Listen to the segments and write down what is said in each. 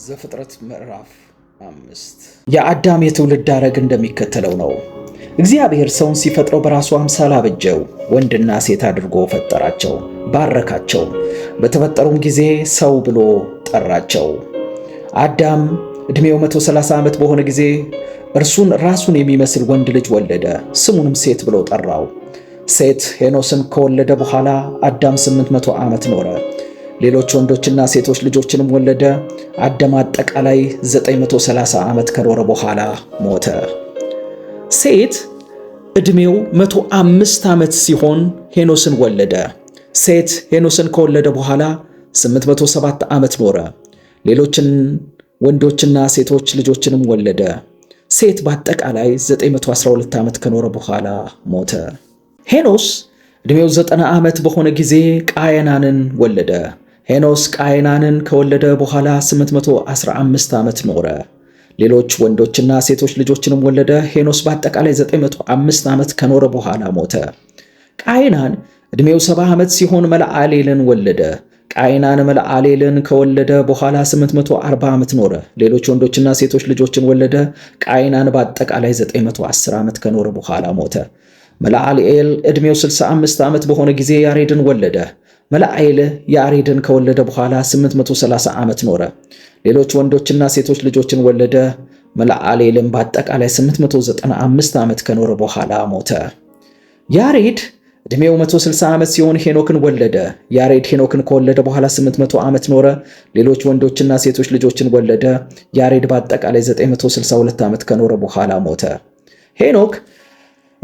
ዘፍጥረት ምዕራፍ አምስት የአዳም የትውልድ ሐረግ እንደሚከተለው ነው። እግዚአብሔር ሰውን ሲፈጥረው በራሱ አምሳል አበጀው፣ ወንድና ሴት አድርጎ ፈጠራቸው፣ ባረካቸው። በተፈጠሩም ጊዜ ሰው ብሎ ጠራቸው። አዳም ዕድሜው 130 ዓመት በሆነ ጊዜ እርሱን ራሱን የሚመስል ወንድ ልጅ ወለደ፣ ስሙንም ሴት ብሎ ጠራው። ሴት ሄኖስን ከወለደ በኋላ አዳም 800 ዓመት ኖረ። ሌሎች ወንዶችና ሴቶች ልጆችንም ወለደ። አደም አጠቃላይ 930 ዓመት ከኖረ በኋላ ሞተ። ሴት ዕድሜው 105 ዓመት ሲሆን ሄኖስን ወለደ። ሴት ሄኖስን ከወለደ በኋላ 807 ዓመት ኖረ። ሌሎችን ወንዶችና ሴቶች ልጆችንም ወለደ። ሴት በአጠቃላይ 912 ዓመት ከኖረ በኋላ ሞተ። ሄኖስ ዕድሜው 90 ዓመት በሆነ ጊዜ ቃየናንን ወለደ። ሄኖስ ቃይናንን ከወለደ በኋላ 815 ዓመት ኖረ። ሌሎች ወንዶችና ሴቶች ልጆችንም ወለደ። ሄኖስ በአጠቃላይ 905 ዓመት ከኖረ በኋላ ሞተ። ቃይናን ዕድሜው 70 ዓመት ሲሆን መልአሌልን ወለደ። ቃይናን መልአሌልን ከወለደ በኋላ 840 ዓመት ኖረ። ሌሎች ወንዶችና ሴቶች ልጆችን ወለደ። ቃይናን በአጠቃላይ 910 ዓመት ከኖረ በኋላ ሞተ። መልአልኤል ዕድሜው 65 ዓመት በሆነ ጊዜ ያሬድን ወለደ። መላአይል ያሬድን ከወለደ በኋላ 830 ዓመት ኖረ። ሌሎች ወንዶችና ሴቶች ልጆችን ወለደ። መላአሌልም በአጠቃላይ 895 ዓመት ከኖረ በኋላ ሞተ። ያሬድ ዕድሜው 160 ዓመት ሲሆን ሄኖክን ወለደ። ያሬድ ሄኖክን ከወለደ በኋላ 800 ዓመት ኖረ። ሌሎች ወንዶችና ሴቶች ልጆችን ወለደ። ያሬድ በአጠቃላይ 962 ዓመት ከኖረ በኋላ ሞተ። ሄኖክ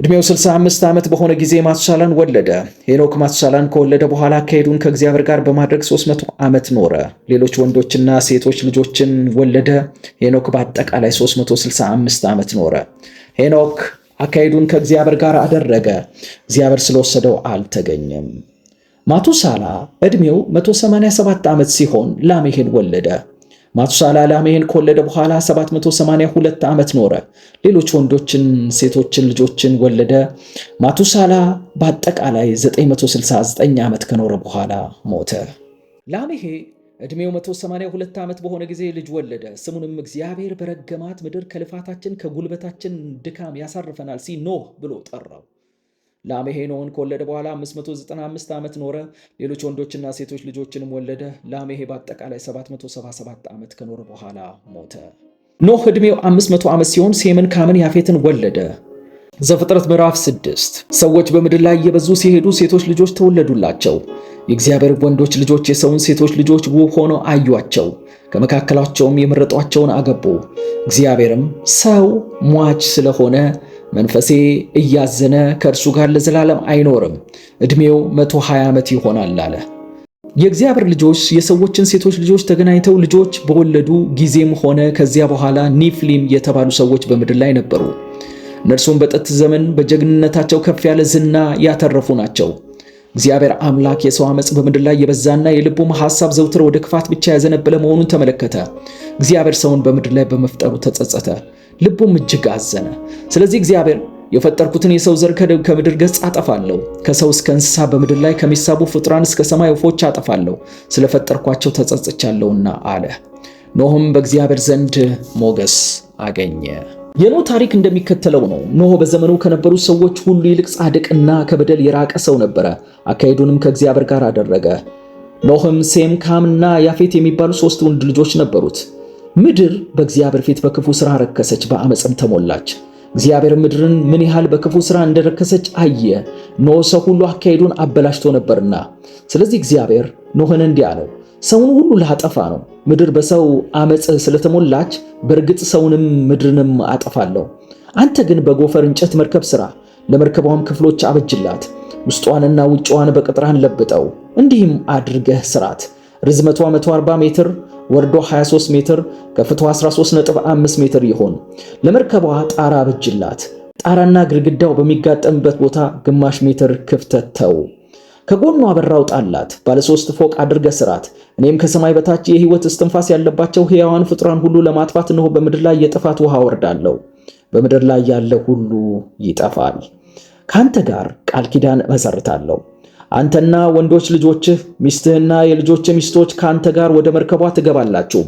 እድሜው 65 ዓመት በሆነ ጊዜ ማቱሳላን ወለደ። ሄኖክ ማቱሳላን ከወለደ በኋላ አካሄዱን ከእግዚአብሔር ጋር በማድረግ 300 ዓመት ኖረ። ሌሎች ወንዶችና ሴቶች ልጆችን ወለደ። ሄኖክ በአጠቃላይ 365 ዓመት ኖረ። ሄኖክ አካሄዱን ከእግዚአብሔር ጋር አደረገ፣ እግዚአብሔር ስለወሰደው አልተገኘም። ማቱሳላ እድሜው 187 ዓመት ሲሆን ላሜሄን ወለደ። ማቱሳላ ይህን ከወለደ በኋላ 782 ዓመት ኖረ። ሌሎች ወንዶችን፣ ሴቶችን፣ ልጆችን ወለደ። ማቱሳላ በአጠቃላይ 969 ዓመት ከኖረ በኋላ ሞተ። ላሜሄ ዕድሜው 182 ዓመት በሆነ ጊዜ ልጅ ወለደ። ስሙንም እግዚአብሔር በረገማት ምድር ከልፋታችን ከጉልበታችን ድካም ያሳርፈናል ሲል ኖህ ብሎ ጠራው። ላሜሄኖን ከወለደ በኋላ 595 ዓመት ኖረ። ሌሎች ወንዶችና ሴቶች ልጆችንም ወለደ። ላሜሄ በአጠቃላይ 777 ዓመት ከኖረ በኋላ ሞተ። ኖህ ዕድሜው 500 ዓመት ሲሆን ሴምን፣ ካምን፣ ያፌትን ወለደ። ዘፍጥረት ምዕራፍ ስድስት ሰዎች በምድር ላይ እየበዙ ሲሄዱ ሴቶች ልጆች ተወለዱላቸው። የእግዚአብሔር ወንዶች ልጆች የሰውን ሴቶች ልጆች ውብ ሆነው አዩአቸው፣ ከመካከላቸውም የመረጧቸውን አገቡ። እግዚአብሔርም ሰው ሟች ስለሆነ መንፈሴ እያዘነ ከእርሱ ጋር ለዘላለም አይኖርም፣ ዕድሜው 120 ዓመት ይሆናል አለ። የእግዚአብሔር ልጆች የሰዎችን ሴቶች ልጆች ተገናኝተው ልጆች በወለዱ ጊዜም ሆነ ከዚያ በኋላ ኒፍሊም የተባሉ ሰዎች በምድር ላይ ነበሩ። እነርሱም በጥንት ዘመን በጀግንነታቸው ከፍ ያለ ዝና ያተረፉ ናቸው። እግዚአብሔር አምላክ የሰው ዓመፅ በምድር ላይ የበዛና የልቡም ሐሳብ ዘውትር ወደ ክፋት ብቻ ያዘነበለ መሆኑን ተመለከተ። እግዚአብሔር ሰውን በምድር ላይ በመፍጠሩ ተጸጸተ። ልቡም እጅግ አዘነ። ስለዚህ እግዚአብሔር የፈጠርኩትን የሰው ዘር ከምድር ገጽ አጠፋለሁ፣ ከሰው እስከ እንስሳ በምድር ላይ ከሚሳቡ ፍጡራን እስከ ሰማይ ወፎች አጠፋለሁ፣ ስለፈጠርኳቸው ተጸጽቻለሁና አለ። ኖህም በእግዚአብሔር ዘንድ ሞገስ አገኘ። የኖህ ታሪክ እንደሚከተለው ነው። ኖህ በዘመኑ ከነበሩ ሰዎች ሁሉ ይልቅ ጻድቅና ከበደል የራቀ ሰው ነበረ። አካሄዱንም ከእግዚአብሔር ጋር አደረገ። ኖህም ሴም፣ ካምና ያፌት የሚባሉ ሶስት ወንድ ልጆች ነበሩት። ምድር በእግዚአብሔር ፊት በክፉ ሥራ ረከሰች፣ በአመፅም ተሞላች። እግዚአብሔር ምድርን ምን ያህል በክፉ ሥራ እንደረከሰች አየ። ኖህ ሰው ሁሉ አካሄዱን አበላሽቶ ነበርና፣ ስለዚህ እግዚአብሔር ኖህን እንዲህ አለው፣ ሰውን ሁሉ ላጠፋ ነው። ምድር በሰው አመፅ ስለተሞላች በእርግጥ ሰውንም ምድርንም አጠፋለሁ። አንተ ግን በጎፈር እንጨት መርከብ ሥራ፣ ለመርከቧም ክፍሎች አበጅላት፣ ውስጧንና ውጭዋን በቅጥራን ለብጠው፣ እንዲህም አድርገህ ስራት ርዝመቷ 140 ሜትር ወርዶ 23 ሜትር ከፍቶ 13.5 ሜትር ይሆን። ለመርከቧ ጣራ በጅላት ጣራና ግድግዳው በሚጋጠምበት ቦታ ግማሽ ሜትር ክፍተት ተው። ከጎኗ በራው ጣላት። ባለሶስት ፎቅ አድርገ ስራት። እኔም ከሰማይ በታች የህይወት እስትንፋስ ያለባቸው ሕያዋን ፍጥራን ሁሉ ለማጥፋት ነው በምድር ላይ የጥፋት ውሃ ወርዳለሁ። በምድር ላይ ያለ ሁሉ ይጠፋል። ካንተ ጋር ቃል ኪዳን መሰርታለሁ አንተና ወንዶች ልጆችህ ሚስትህና የልጆች ሚስቶች ከአንተ ጋር ወደ መርከቧ ትገባላችሁ።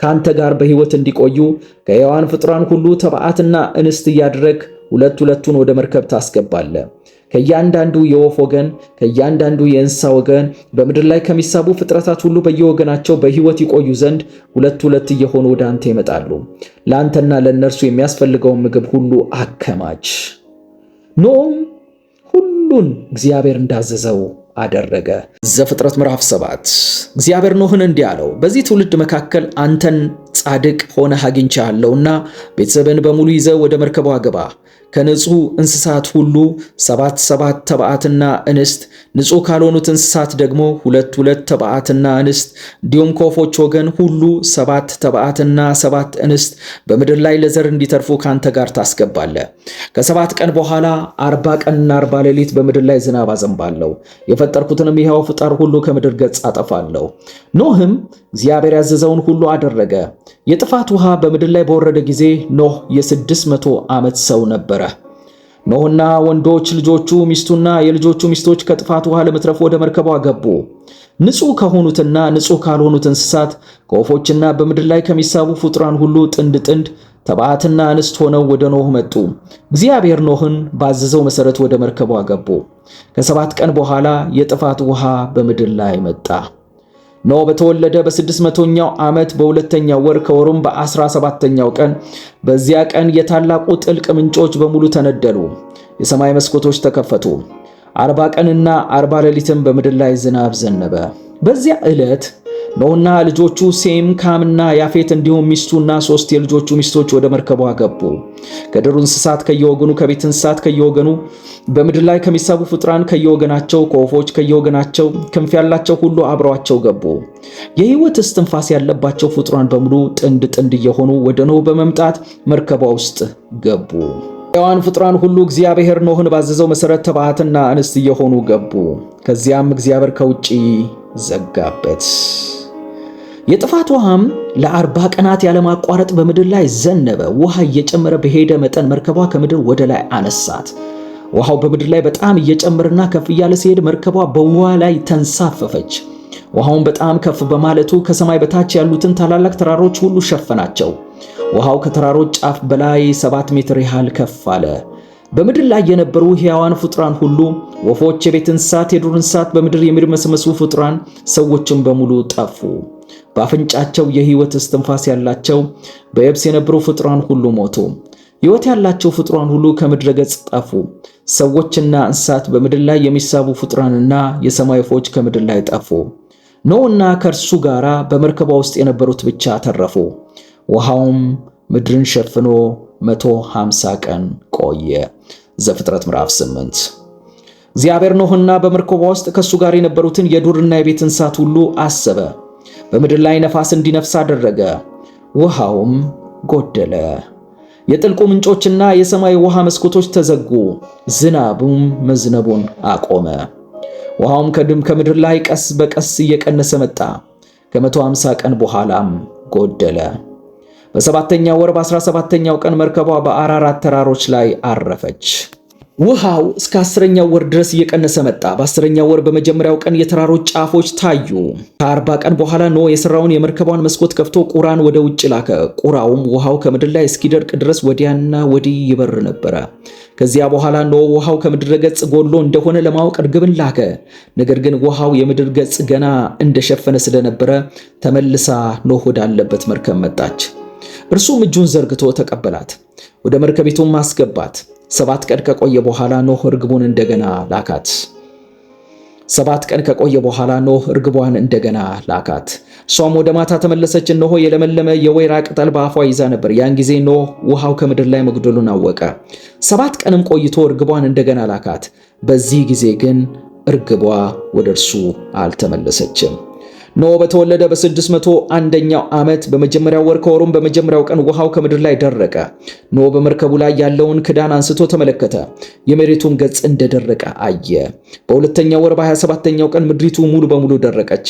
ከአንተ ጋር በሕይወት እንዲቆዩ ከሕያዋን ፍጥሯን ሁሉ ተባዕትና እንስት እያደረግ ሁለት ሁለቱን ወደ መርከብ ታስገባለ። ከእያንዳንዱ የወፍ ወገን ከእያንዳንዱ የእንስሳ ወገን በምድር ላይ ከሚሳቡ ፍጥረታት ሁሉ በየወገናቸው በሕይወት ይቆዩ ዘንድ ሁለት ሁለት እየሆኑ ወደ አንተ ይመጣሉ። ለአንተና ለእነርሱ የሚያስፈልገውን ምግብ ሁሉ አከማች። ኖም ሁሉን እግዚአብሔር እንዳዘዘው አደረገ። ዘፍጥረት ምዕራፍ 7 እግዚአብሔር ኖህን እንዲህ አለው፣ በዚህ ትውልድ መካከል አንተን ጻድቅ ሆነህ አግኝቻለሁና ቤተሰብን በሙሉ ይዘ ወደ መርከቧ ግባ። ከንጹሕ እንስሳት ሁሉ ሰባት ሰባት ተባዕትና እንስት፣ ንጹሕ ካልሆኑት እንስሳት ደግሞ ሁለት ሁለት ተባዕትና እንስት፣ እንዲሁም ከወፎች ወገን ሁሉ ሰባት ተባዕትና ሰባት እንስት በምድር ላይ ለዘር እንዲተርፉ ከአንተ ጋር ታስገባለ። ከሰባት ቀን በኋላ አርባ ቀንና አርባ ሌሊት በምድር ላይ ዝናብ አዘንባለሁ። የፈጠርኩትንም የሕያው ፍጣር ሁሉ ከምድር ገጽ አጠፋለሁ። ኖህም እግዚአብሔር ያዘዘውን ሁሉ አደረገ። የጥፋት ውሃ በምድር ላይ በወረደ ጊዜ ኖህ የስድስት መቶ ዓመት ሰው ነበረ። ኖህና ወንዶች ልጆቹ ሚስቱና የልጆቹ ሚስቶች ከጥፋት ውሃ ለመትረፍ ወደ መርከቧ ገቡ። ንጹህ ከሆኑትና ንጹህ ካልሆኑት እንስሳት ከወፎችና በምድር ላይ ከሚሳቡ ፍጡራን ሁሉ ጥንድ ጥንድ ተባዕትና እንስት ሆነው ወደ ኖህ መጡ። እግዚአብሔር ኖህን ባዘዘው መሠረት ወደ መርከቧ ገቡ። ከሰባት ቀን በኋላ የጥፋት ውሃ በምድር ላይ መጣ። ኖ በተወለደ በ በስድስት መቶኛው ዓመት በሁለተኛው ወር ከወሩም በ በአስራ ሰባተኛው ቀን በዚያ ቀን የታላቁ ጥልቅ ምንጮች በሙሉ ተነደሉ፣ የሰማይ መስኮቶች ተከፈቱ። አርባ ቀንና አርባ ሌሊትም በምድር ላይ ዝናብ ዘነበ። በዚያ ዕለት ኖና ልጆቹ ሴም፣ ካምና ያፌት እንዲሁም ሚስቱና ሶስት የልጆቹ ሚስቶች ወደ መርከቧ ገቡ። ከዱር እንስሳት ከየወገኑ፣ ከቤት እንስሳት ከየወገኑ፣ በምድር ላይ ከሚሳቡ ፍጥራን ከየወገናቸው፣ ከወፎች ከየወገናቸው፣ ክንፍ ያላቸው ሁሉ አብረዋቸው ገቡ። የህይወት እስትንፋስ ያለባቸው ፍጥራን በሙሉ ጥንድ ጥንድ እየሆኑ ወደ ኖህ በመምጣት መርከቧ ውስጥ ገቡ። ሕያዋን ፍጥራን ሁሉ እግዚአብሔር ኖህን ባዘዘው መሠረት ተባዕትና እንስት እየሆኑ ገቡ። ከዚያም እግዚአብሔር ከውጪ ዘጋበት። የጥፋት ውሃም ለአርባ ቀናት ያለማቋረጥ በምድር ላይ ዘነበ። ውሃ እየጨመረ በሄደ መጠን መርከቧ ከምድር ወደ ላይ አነሳት። ውሃው በምድር ላይ በጣም እየጨመረና ከፍ እያለ ሲሄድ መርከቧ በውሃ ላይ ተንሳፈፈች። ውሃውን በጣም ከፍ በማለቱ ከሰማይ በታች ያሉትን ታላላቅ ተራሮች ሁሉ ሸፈናቸው። ውሃው ከተራሮች ጫፍ በላይ ሰባት ሜትር ያህል ከፍ አለ። በምድር ላይ የነበሩ ሕያዋን ፍጡራን ሁሉ ወፎች፣ የቤት እንስሳት፣ የዱር እንስሳት፣ በምድር የሚርመሰመሱ ፍጡራን፣ ሰዎችን በሙሉ ጠፉ። በአፍንጫቸው የሕይወት እስትንፋስ ያላቸው በየብስ የነበሩ ፍጡራን ሁሉ ሞቱ። ሕይወት ያላቸው ፍጡራን ሁሉ ከምድረ ገጽ ጠፉ። ሰዎችና እንስሳት፣ በምድር ላይ የሚሳቡ ፍጡራንና የሰማይ ወፎች ከምድር ላይ ጠፉ። ኖኅና ከእርሱ ጋር በመርከቧ ውስጥ የነበሩት ብቻ ተረፉ። ውሃውም ምድርን ሸፍኖ 150 ቀን ቆየ። ዘፍጥረት ምዕራፍ 8። እግዚአብሔር ኖህና በመርከቧ ውስጥ ከእሱ ጋር የነበሩትን የዱርና የቤት እንስሳት ሁሉ አሰበ። በምድር ላይ ነፋስ እንዲነፍስ አደረገ፣ ውሃውም ጎደለ። የጥልቁ ምንጮችና የሰማይ ውሃ መስኮቶች ተዘጉ፣ ዝናቡም መዝነቡን አቆመ። ውሃውም ከድም ከምድር ላይ ቀስ በቀስ እየቀነሰ መጣ። ከመቶ ከ150 ቀን በኋላም ጎደለ። በሰባተኛው ወር በ17ኛው ቀን መርከቧ በአራራት ተራሮች ላይ አረፈች። ውሃው እስከ አስረኛው ወር ድረስ እየቀነሰ መጣ። በአስረኛው ወር በመጀመሪያው ቀን የተራሮች ጫፎች ታዩ። ከአርባ ቀን በኋላ ኖ የሰራውን የመርከቧን መስኮት ከፍቶ ቁራን ወደ ውጭ ላከ። ቁራውም ውሃው ከምድር ላይ እስኪደርቅ ድረስ ወዲያና ወዲህ ይበር ነበረ። ከዚያ በኋላ ኖ ውሃው ከምድረ ገጽ ጎሎ እንደሆነ ለማወቅ እርግብን ላከ። ነገር ግን ውሃው የምድር ገጽ ገና እንደሸፈነ ስለነበረ ተመልሳ ኖህ ወዳለበት መርከብ መጣች። እርሱም እጁን ዘርግቶ ተቀበላት፣ ወደ መርከቢቱም አስገባት። ሰባት ቀን ከቆየ በኋላ ኖህ እርግቧን እንደገና ላካት። ሰባት ቀን ከቆየ በኋላ ኖህ እርግቧን እንደገና ላካት። እሷም ወደ ማታ ተመለሰች፣ እነሆ የለመለመ የወይራ ቅጠል በአፏ ይዛ ነበር። ያን ጊዜ ኖህ ውሃው ከምድር ላይ መጉደሉን አወቀ። ሰባት ቀንም ቆይቶ እርግቧን እንደገና ላካት። በዚህ ጊዜ ግን እርግቧ ወደ እርሱ አልተመለሰችም። ኖ በተወለደ በስድስት መቶ አንደኛው ዓመት በመጀመሪያው ወር ከወሩም በመጀመሪያው ቀን ውሃው ከምድር ላይ ደረቀ። ኖ በመርከቡ ላይ ያለውን ክዳን አንስቶ ተመለከተ፣ የመሬቱን ገጽ እንደደረቀ አየ። በሁለተኛው ወር በ27ኛው ቀን ምድሪቱ ሙሉ በሙሉ ደረቀች።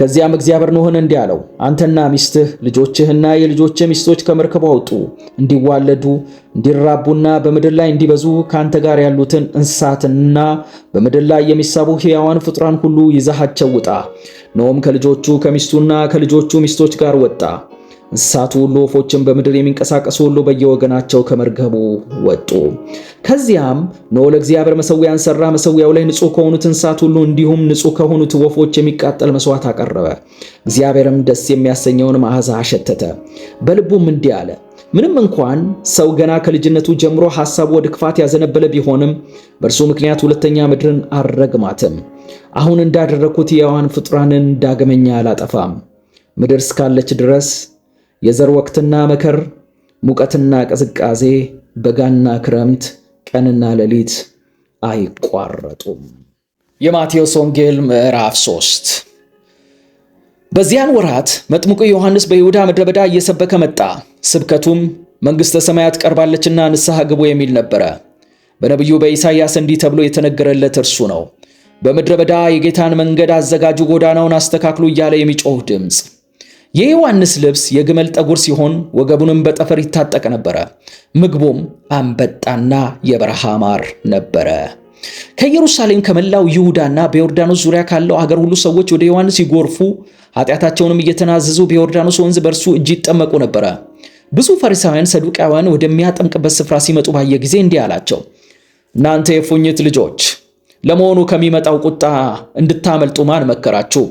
ከዚያም እግዚአብሔር ኖህን እንዲህ አለው፣ አንተና ሚስትህ ልጆችህና የልጆች ሚስቶች ከመርከቡ አውጡ፣ እንዲዋለዱ እንዲራቡና በምድር ላይ እንዲበዙ ከአንተ ጋር ያሉትን እንስሳትና በምድር ላይ የሚሳቡ ሕያዋን ፍጡራን ሁሉ ይዛሃቸው ውጣ ኖም ከልጆቹ ከሚስቱና ከልጆቹ ሚስቶች ጋር ወጣ። እንስሳቱ ሁሉ፣ ወፎችን፣ በምድር የሚንቀሳቀሱ ሁሉ በየወገናቸው ከመርገቡ ወጡ። ከዚያም ኖ ለእግዚአብሔር መሰዊያን ሰራ። መሰዊያው ላይ ንጹሕ ከሆኑት እንስሳት ሁሉ እንዲሁም ንጹሕ ከሆኑት ወፎች የሚቃጠል መስዋዕት አቀረበ። እግዚአብሔርም ደስ የሚያሰኘውን መዓዛ አሸተተ። በልቡም እንዲህ አለ ምንም እንኳን ሰው ገና ከልጅነቱ ጀምሮ ሐሳቡ ወደ ክፋት ያዘነበለ ቢሆንም በእርሱ ምክንያት ሁለተኛ ምድርን አረግማትም። አሁን እንዳደረግኩት የዋን ፍጡራንን ዳግመኛ አላጠፋም። ምድር እስካለች ድረስ የዘር ወቅትና መከር፣ ሙቀትና ቅዝቃዜ፣ በጋና ክረምት፣ ቀንና ሌሊት አይቋረጡም። የማቴዎስ ወንጌል ምዕራፍ 3 በዚያን ወራት መጥምቁ ዮሐንስ በይሁዳ ምድረ በዳ እየሰበከ መጣ። ስብከቱም መንግሥተ ሰማያት ቀርባለችና ንስሐ ግቡ የሚል ነበረ። በነቢዩ በኢሳይያስ እንዲህ ተብሎ የተነገረለት እርሱ ነው። በምድረ በዳ የጌታን መንገድ አዘጋጁ፣ ጎዳናውን አስተካክሉ እያለ የሚጮህ ድምፅ። የዮሐንስ ልብስ የግመል ጠጉር ሲሆን ወገቡንም በጠፈር ይታጠቅ ነበረ። ምግቡም አንበጣና የበረሃ ማር ነበረ። ከኢየሩሳሌም ከመላው ይሁዳና በዮርዳኖስ ዙሪያ ካለው አገር ሁሉ ሰዎች ወደ ዮሐንስ ይጎርፉ፣ ኃጢአታቸውንም እየተናዘዙ በዮርዳኖስ ወንዝ በእርሱ እጅ ይጠመቁ ነበረ። ብዙ ፈሪሳውያን፣ ሰዱቃውያን ወደሚያጠምቅበት ስፍራ ሲመጡ ባየ ጊዜ እንዲህ አላቸው፣ እናንተ የፉኝት ልጆች ለመሆኑ ከሚመጣው ቁጣ እንድታመልጡ ማን መከራችሁ?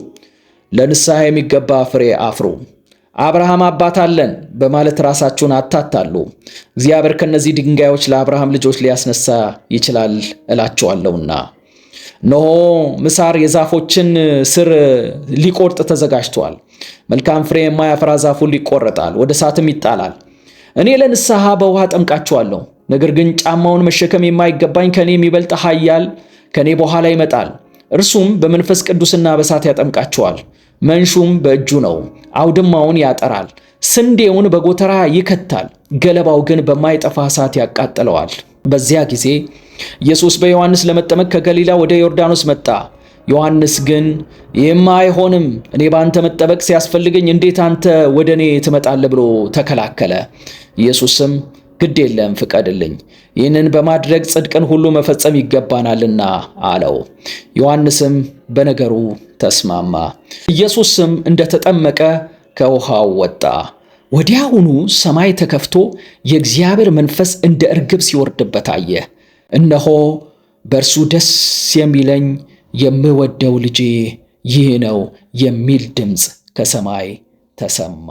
ለንስሐ የሚገባ ፍሬ አፍሩ። አብርሃም አባት አለን በማለት ራሳችሁን አታታሉ። እግዚአብሔር ከነዚህ ድንጋዮች ለአብርሃም ልጆች ሊያስነሳ ይችላል እላችኋለሁና። እነሆ ምሳር የዛፎችን ስር ሊቆርጥ ተዘጋጅቷል። መልካም ፍሬ የማያፈራ ዛፉን ይቆረጣል፣ ወደ እሳትም ይጣላል። እኔ ለንስሐ በውሃ ጠምቃችኋለሁ፣ ነገር ግን ጫማውን መሸከም የማይገባኝ ከእኔ የሚበልጥ ኃያል ከእኔ በኋላ ይመጣል፣ እርሱም በመንፈስ ቅዱስና በእሳት ያጠምቃቸዋል። መንሹም በእጁ ነው፣ አውድማውን ያጠራል፣ ስንዴውን በጎተራ ይከታል፣ ገለባው ግን በማይጠፋ እሳት ያቃጥለዋል። በዚያ ጊዜ ኢየሱስ በዮሐንስ ለመጠመቅ ከገሊላ ወደ ዮርዳኖስ መጣ። ዮሐንስ ግን ይህማ አይሆንም፣ እኔ በአንተ መጠበቅ ሲያስፈልገኝ እንዴት አንተ ወደ እኔ ትመጣለህ? ብሎ ተከላከለ። ኢየሱስም ግድ የለም ፍቀድልኝ፣ ይህንን በማድረግ ጽድቅን ሁሉ መፈጸም ይገባናልና አለው። ዮሐንስም በነገሩ ተስማማ። ኢየሱስም እንደተጠመቀ ከውሃው ወጣ። ወዲያውኑ ሰማይ ተከፍቶ የእግዚአብሔር መንፈስ እንደ እርግብ ሲወርድበት አየ። እነሆ በእርሱ ደስ የሚለኝ የምወደው ልጄ ይህ ነው የሚል ድምፅ ከሰማይ ተሰማ።